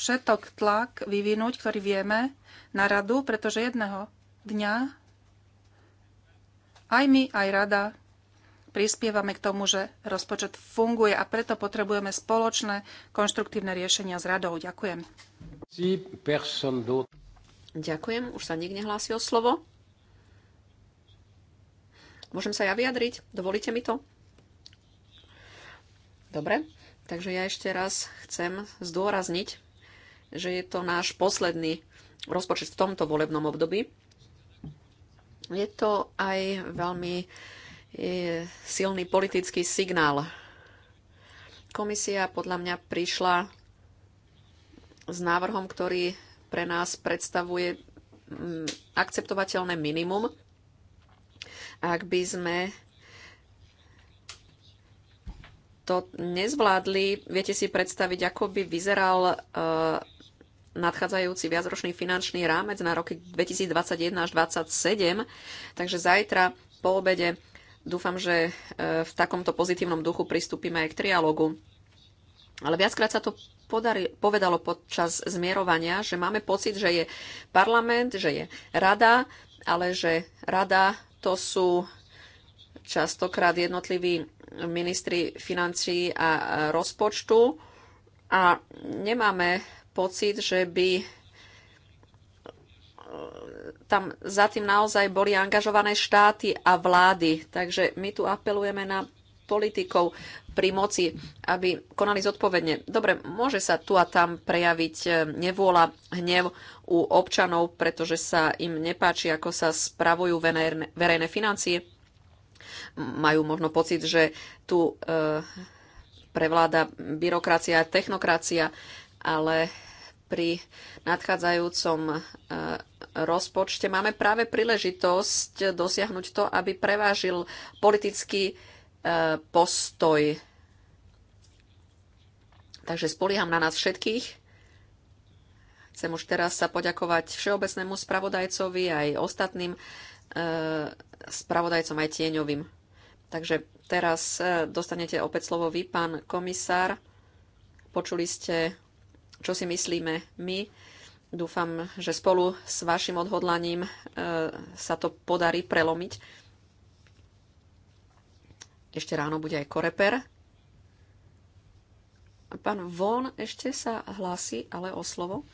všetok tlak vyvinúť, ktorý vieme, na radu, pretože jedného dňa aj my, aj rada prispievame k tomu, že rozpočet funguje a preto potrebujeme spoločné konštruktívne riešenia s radou. Ďakujem. Ďakujem, už sa nikto nehlási o slovo. Môžem sa ja vyjadriť? Dovolíte mi to? Dobre, takže ja ešte raz chcem zdôrazniť, že je to náš posledný rozpočet v tomto volebnom období. Je to aj veľmi e, silný politický signál. Komisia podľa mňa prišla s návrhom, ktorý pre nás predstavuje mm, akceptovateľné minimum. Ak by sme to nezvládli, viete si predstaviť, ako by vyzeral e, nadchádzajúci viacročný finančný rámec na roky 2021 až 2027. Takže zajtra po obede dúfam, že e, v takomto pozitívnom duchu pristúpime aj k trialogu. Ale viackrát sa to podari, povedalo počas zmierovania, že máme pocit, že je parlament, že je rada, ale že rada to sú častokrát jednotliví ministri financí a rozpočtu a nemáme pocit, že by e, tam za tým naozaj boli angažované štáty a vlády. Takže my tu apelujeme na politikov pri moci, aby konali zodpovedne. Dobre, môže sa tu a tam prejaviť e, nevôľa, hnev u občanov, pretože sa im nepáči, ako sa spravujú verejné, financie. Majú možno pocit, že tu e, prevláda byrokracia a technokracia, ale pri nadchádzajúcom e, rozpočte máme práve príležitosť dosiahnuť to, aby prevážil politický e, postoj. Takže spolieham na nás všetkých. Chcem už teraz sa poďakovať všeobecnému spravodajcovi aj ostatným e, spravodajcom aj tieňovým. Takže teraz dostanete opäť slovo vy, pán komisár. Počuli ste čo si myslíme my. Dúfam, že spolu s vašim odhodlaním e, sa to podarí prelomiť. Ešte ráno bude aj koreper. Pán Von ešte sa hlási, ale o slovo.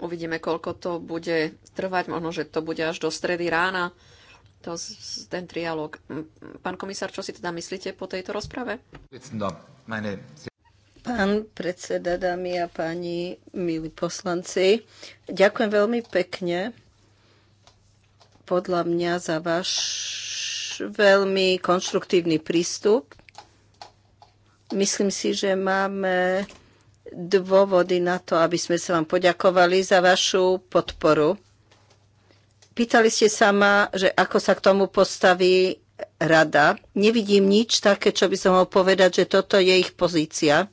Uvidíme, koľko to bude trvať. Možno, že to bude až do stredy rána. To, ten trialog. Pán komisár, čo si teda myslíte po tejto rozprave? Pán predseda, dámy a páni, milí poslanci, ďakujem veľmi pekne podľa mňa za váš veľmi konštruktívny prístup. Myslím si, že máme dôvody na to, aby sme sa vám poďakovali za vašu podporu. Pýtali ste sa ma, že ako sa k tomu postaví rada. Nevidím nič také, čo by som mohol povedať, že toto je ich pozícia.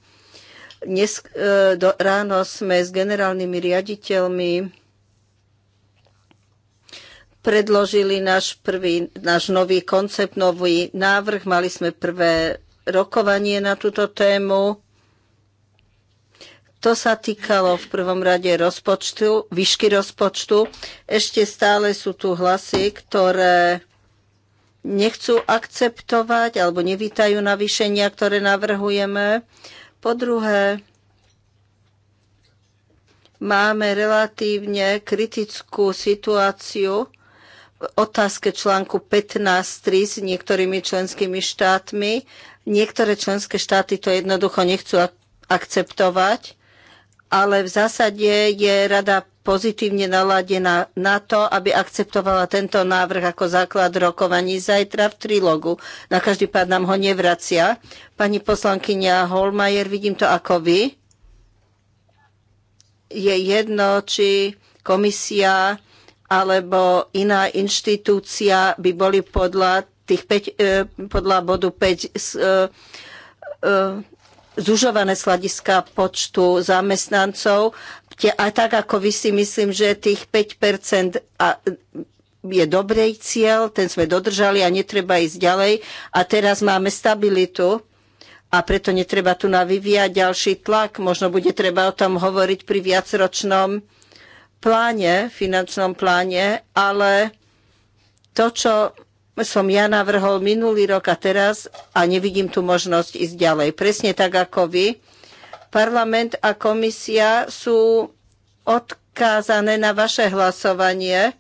Dnes e, do, ráno sme s generálnymi riaditeľmi predložili náš, prvý, náš nový koncept, nový návrh. Mali sme prvé rokovanie na túto tému. To sa týkalo v prvom rade rozpočtu, výšky rozpočtu. Ešte stále sú tu hlasy, ktoré nechcú akceptovať alebo nevítajú navýšenia, ktoré navrhujeme. Po druhé, máme relatívne kritickú situáciu v otázke článku 15.3 s niektorými členskými štátmi. Niektoré členské štáty to jednoducho nechcú akceptovať ale v zásade je rada pozitívne naladená na to, aby akceptovala tento návrh ako základ rokovaní zajtra v trilogu. Na každý pád nám ho nevracia. Pani poslankyňa Holmajer, vidím to ako vy. Je jedno, či komisia alebo iná inštitúcia by boli podľa, tých 5, eh, podľa bodu 5 zužované z hľadiska počtu zamestnancov. A tak ako vy si myslím, že tých 5 a je dobrý cieľ, ten sme dodržali a netreba ísť ďalej. A teraz máme stabilitu a preto netreba tu navyvíjať ďalší tlak. Možno bude treba o tom hovoriť pri viacročnom pláne, finančnom pláne, ale to, čo som ja navrhol minulý rok a teraz a nevidím tu možnosť ísť ďalej. Presne tak ako vy. Parlament a komisia sú odkázané na vaše hlasovanie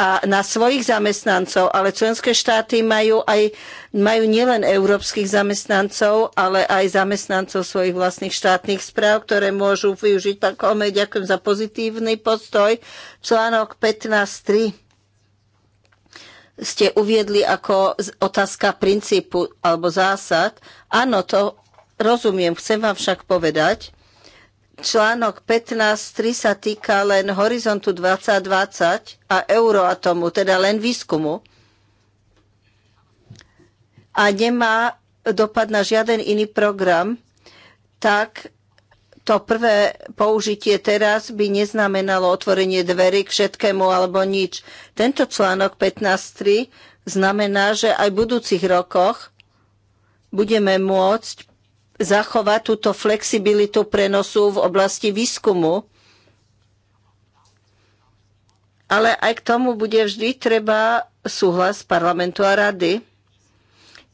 a na svojich zamestnancov, ale členské štáty majú, aj, majú nielen európskych zamestnancov, ale aj zamestnancov svojich vlastných štátnych správ, ktoré môžu využiť. Pán Kome, ďakujem za pozitívny postoj. Článok 15.3 ste uviedli ako otázka princípu alebo zásad. Áno, to rozumiem. Chcem vám však povedať, článok 15.3 sa týka len horizontu 2020 a euroatomu, teda len výskumu. A nemá dopad na žiaden iný program, tak to prvé použitie teraz by neznamenalo otvorenie dverí k všetkému alebo nič. Tento článok 15.3 znamená, že aj v budúcich rokoch budeme môcť zachovať túto flexibilitu prenosu v oblasti výskumu. Ale aj k tomu bude vždy treba súhlas parlamentu a rady.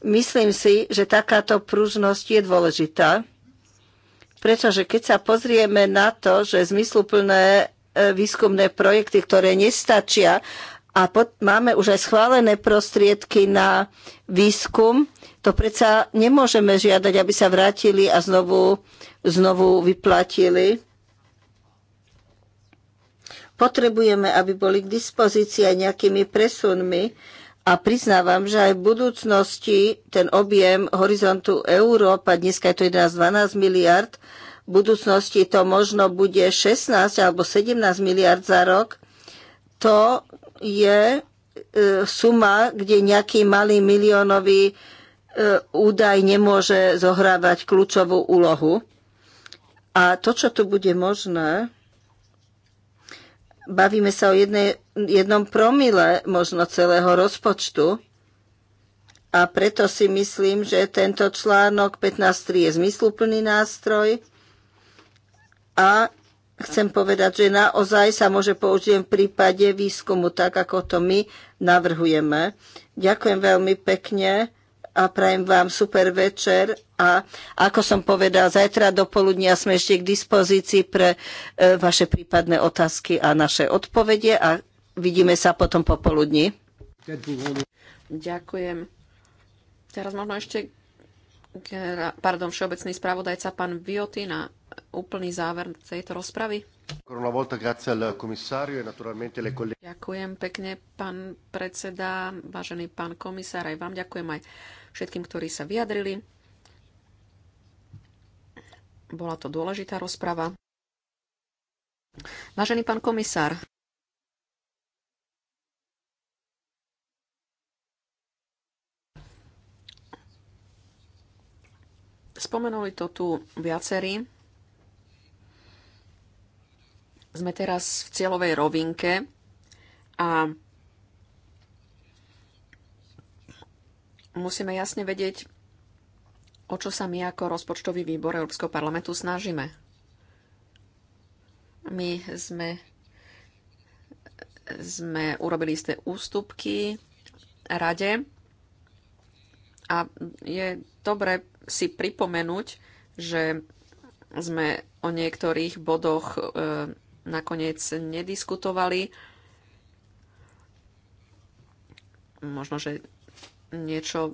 Myslím si, že takáto pružnosť je dôležitá. Pretože keď sa pozrieme na to, že zmysluplné e, výskumné projekty, ktoré nestačia a pod, máme už aj schválené prostriedky na výskum, to predsa nemôžeme žiadať, aby sa vrátili a znovu, znovu vyplatili. Potrebujeme, aby boli k dispozícii aj nejakými presunmi. A priznávam, že aj v budúcnosti ten objem horizontu Európa, dneska je to 11-12 miliard, v budúcnosti to možno bude 16 alebo 17 miliard za rok, to je e, suma, kde nejaký malý miliónový e, údaj nemôže zohrávať kľúčovú úlohu. A to, čo tu bude možné, bavíme sa o jednej, jednom promile možno celého rozpočtu. A preto si myslím, že tento článok 15.3 je zmysluplný nástroj a chcem povedať, že naozaj sa môže použiť v prípade výskumu tak, ako to my navrhujeme. Ďakujem veľmi pekne a prajem vám super večer a ako som povedal, zajtra do poludnia sme ešte k dispozícii pre e, vaše prípadné otázky a naše odpovede a vidíme sa potom popoludní. Ďakujem. Teraz možno ešte pardon, všeobecný spravodajca pán Vioty na úplný záver tejto rozpravy. E ďakujem pekne, pán predseda, vážený pán komisár, aj vám ďakujem aj všetkým, ktorí sa vyjadrili. Bola to dôležitá rozprava. Vážený pán komisár, spomenuli to tu viacerí. Sme teraz v cieľovej rovinke a musíme jasne vedieť, o čo sa my ako rozpočtový výbor Európskeho parlamentu snažíme. My sme, sme urobili isté ústupky rade a je dobre si pripomenúť, že sme o niektorých bodoch e, nakoniec nediskutovali. Možno, že niečo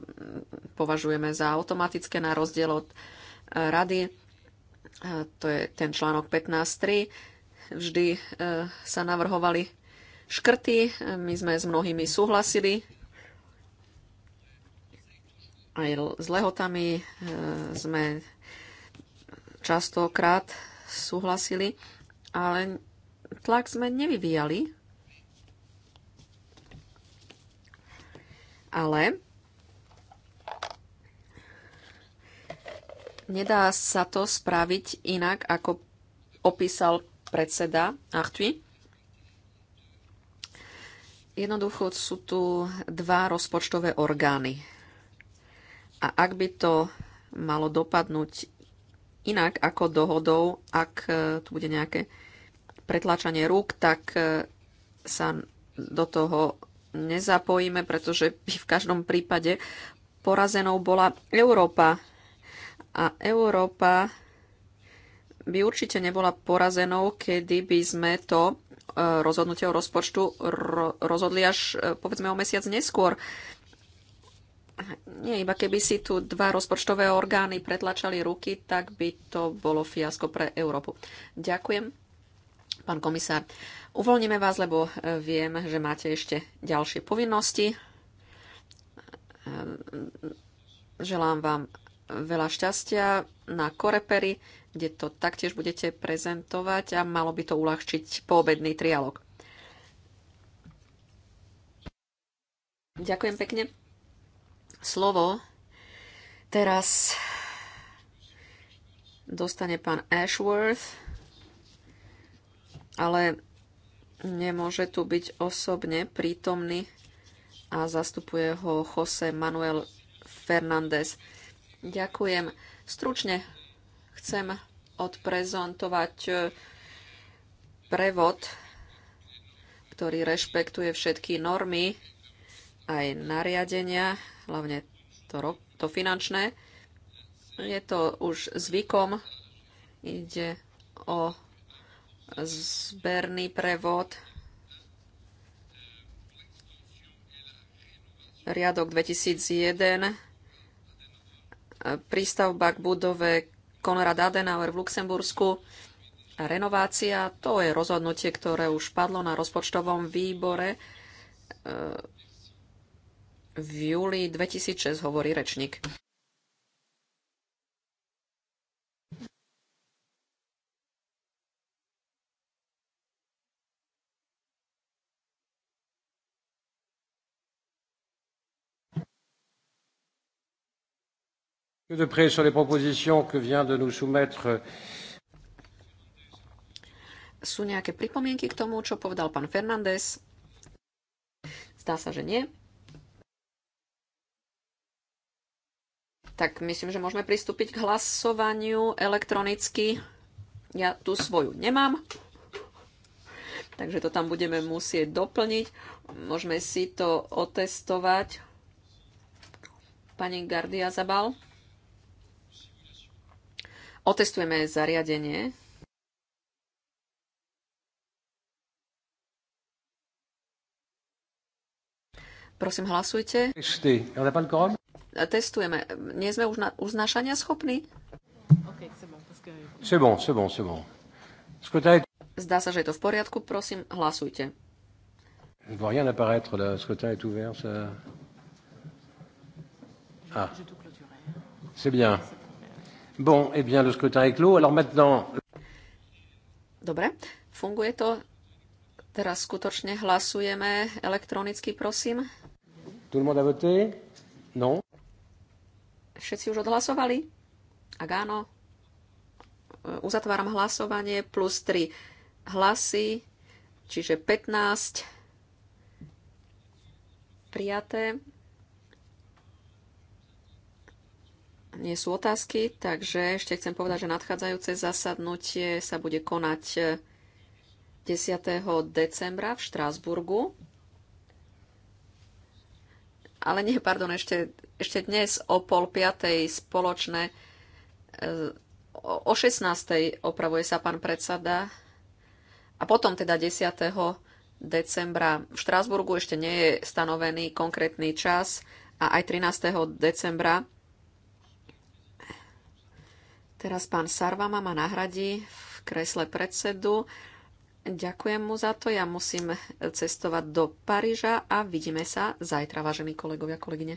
považujeme za automatické na rozdiel od e, rady. E, to je ten článok 15.3. Vždy e, sa navrhovali škrty. My sme s mnohými súhlasili. Aj s lehotami sme častokrát súhlasili ale tlak sme nevyvíjali. Ale nedá sa to spraviť inak, ako opísal predseda Achtvi. Jednoducho sú tu dva rozpočtové orgány. A ak by to malo dopadnúť inak ako dohodou, ak tu bude nejaké pretláčanie rúk, tak e, sa do toho nezapojíme, pretože by v každom prípade porazenou bola Európa. A Európa by určite nebola porazenou, kedy by sme to e, rozhodnutie o rozpočtu rozhodli až e, povedzme o mesiac neskôr. Nie, iba keby si tu dva rozpočtové orgány pretlačali ruky, tak by to bolo fiasko pre Európu. Ďakujem. Pán komisár, uvoľníme vás, lebo e, viem, že máte ešte ďalšie povinnosti. E, želám vám veľa šťastia na Korepery, kde to taktiež budete prezentovať a malo by to uľahčiť poobedný trialog. Ďakujem pekne. Slovo teraz dostane pán Ashworth ale nemôže tu byť osobne prítomný a zastupuje ho Jose Manuel Fernández. Ďakujem. Stručne chcem odprezentovať e, prevod, ktorý rešpektuje všetky normy, aj nariadenia, hlavne to, to finančné. Je to už zvykom, ide o zberný prevod riadok 2001 prístavba k budove Konrad Adenauer v Luxembursku a renovácia, to je rozhodnutie, ktoré už padlo na rozpočtovom výbore e, v júli 2006, hovorí rečník. de près sur les propositions que vient de nous soumettre euh, sú nejaké pripomienky k tomu, čo povedal pán Fernández? Zdá sa, že nie. Tak myslím, že môžeme pristúpiť k hlasovaniu elektronicky. Ja tu svoju nemám, takže to tam budeme musieť doplniť. Môžeme si to otestovať. Pani Gardia Zabal. Otestujeme zariadenie. Prosím, hlasujte. Testujeme. Nie sme už na, uznášania schopní? Zdá sa, že je to v poriadku. Prosím, hlasujte. Je vois rien apparaître. Le scrutin est ouvert. Ça... Ah. C'est bien. Bon, eh bien, le scrutin est clos. Alors maintenant... Dobre, funguje to. Teraz skutočne hlasujeme elektronicky, prosím. Tout le monde a voté? Non. Všetci už odhlasovali? Ak áno, e, uzatváram hlasovanie plus 3 hlasy, čiže 15 prijaté. nie sú otázky, takže ešte chcem povedať, že nadchádzajúce zasadnutie sa bude konať 10. Eh, decembra v Štrásburgu. Ale nie, pardon, ešte, ešte dnes o pol piatej spoločné. Eh, o 16. opravuje sa pán predseda. A potom teda 10. decembra v Štrásburgu ešte nie je stanovený konkrétny čas a aj 13. decembra Teraz pán Sarvama ma nahradí v kresle predsedu. Ďakujem mu za to. Ja musím cestovať do Paríža a vidíme sa zajtra, vážení kolegovia, kolegyne.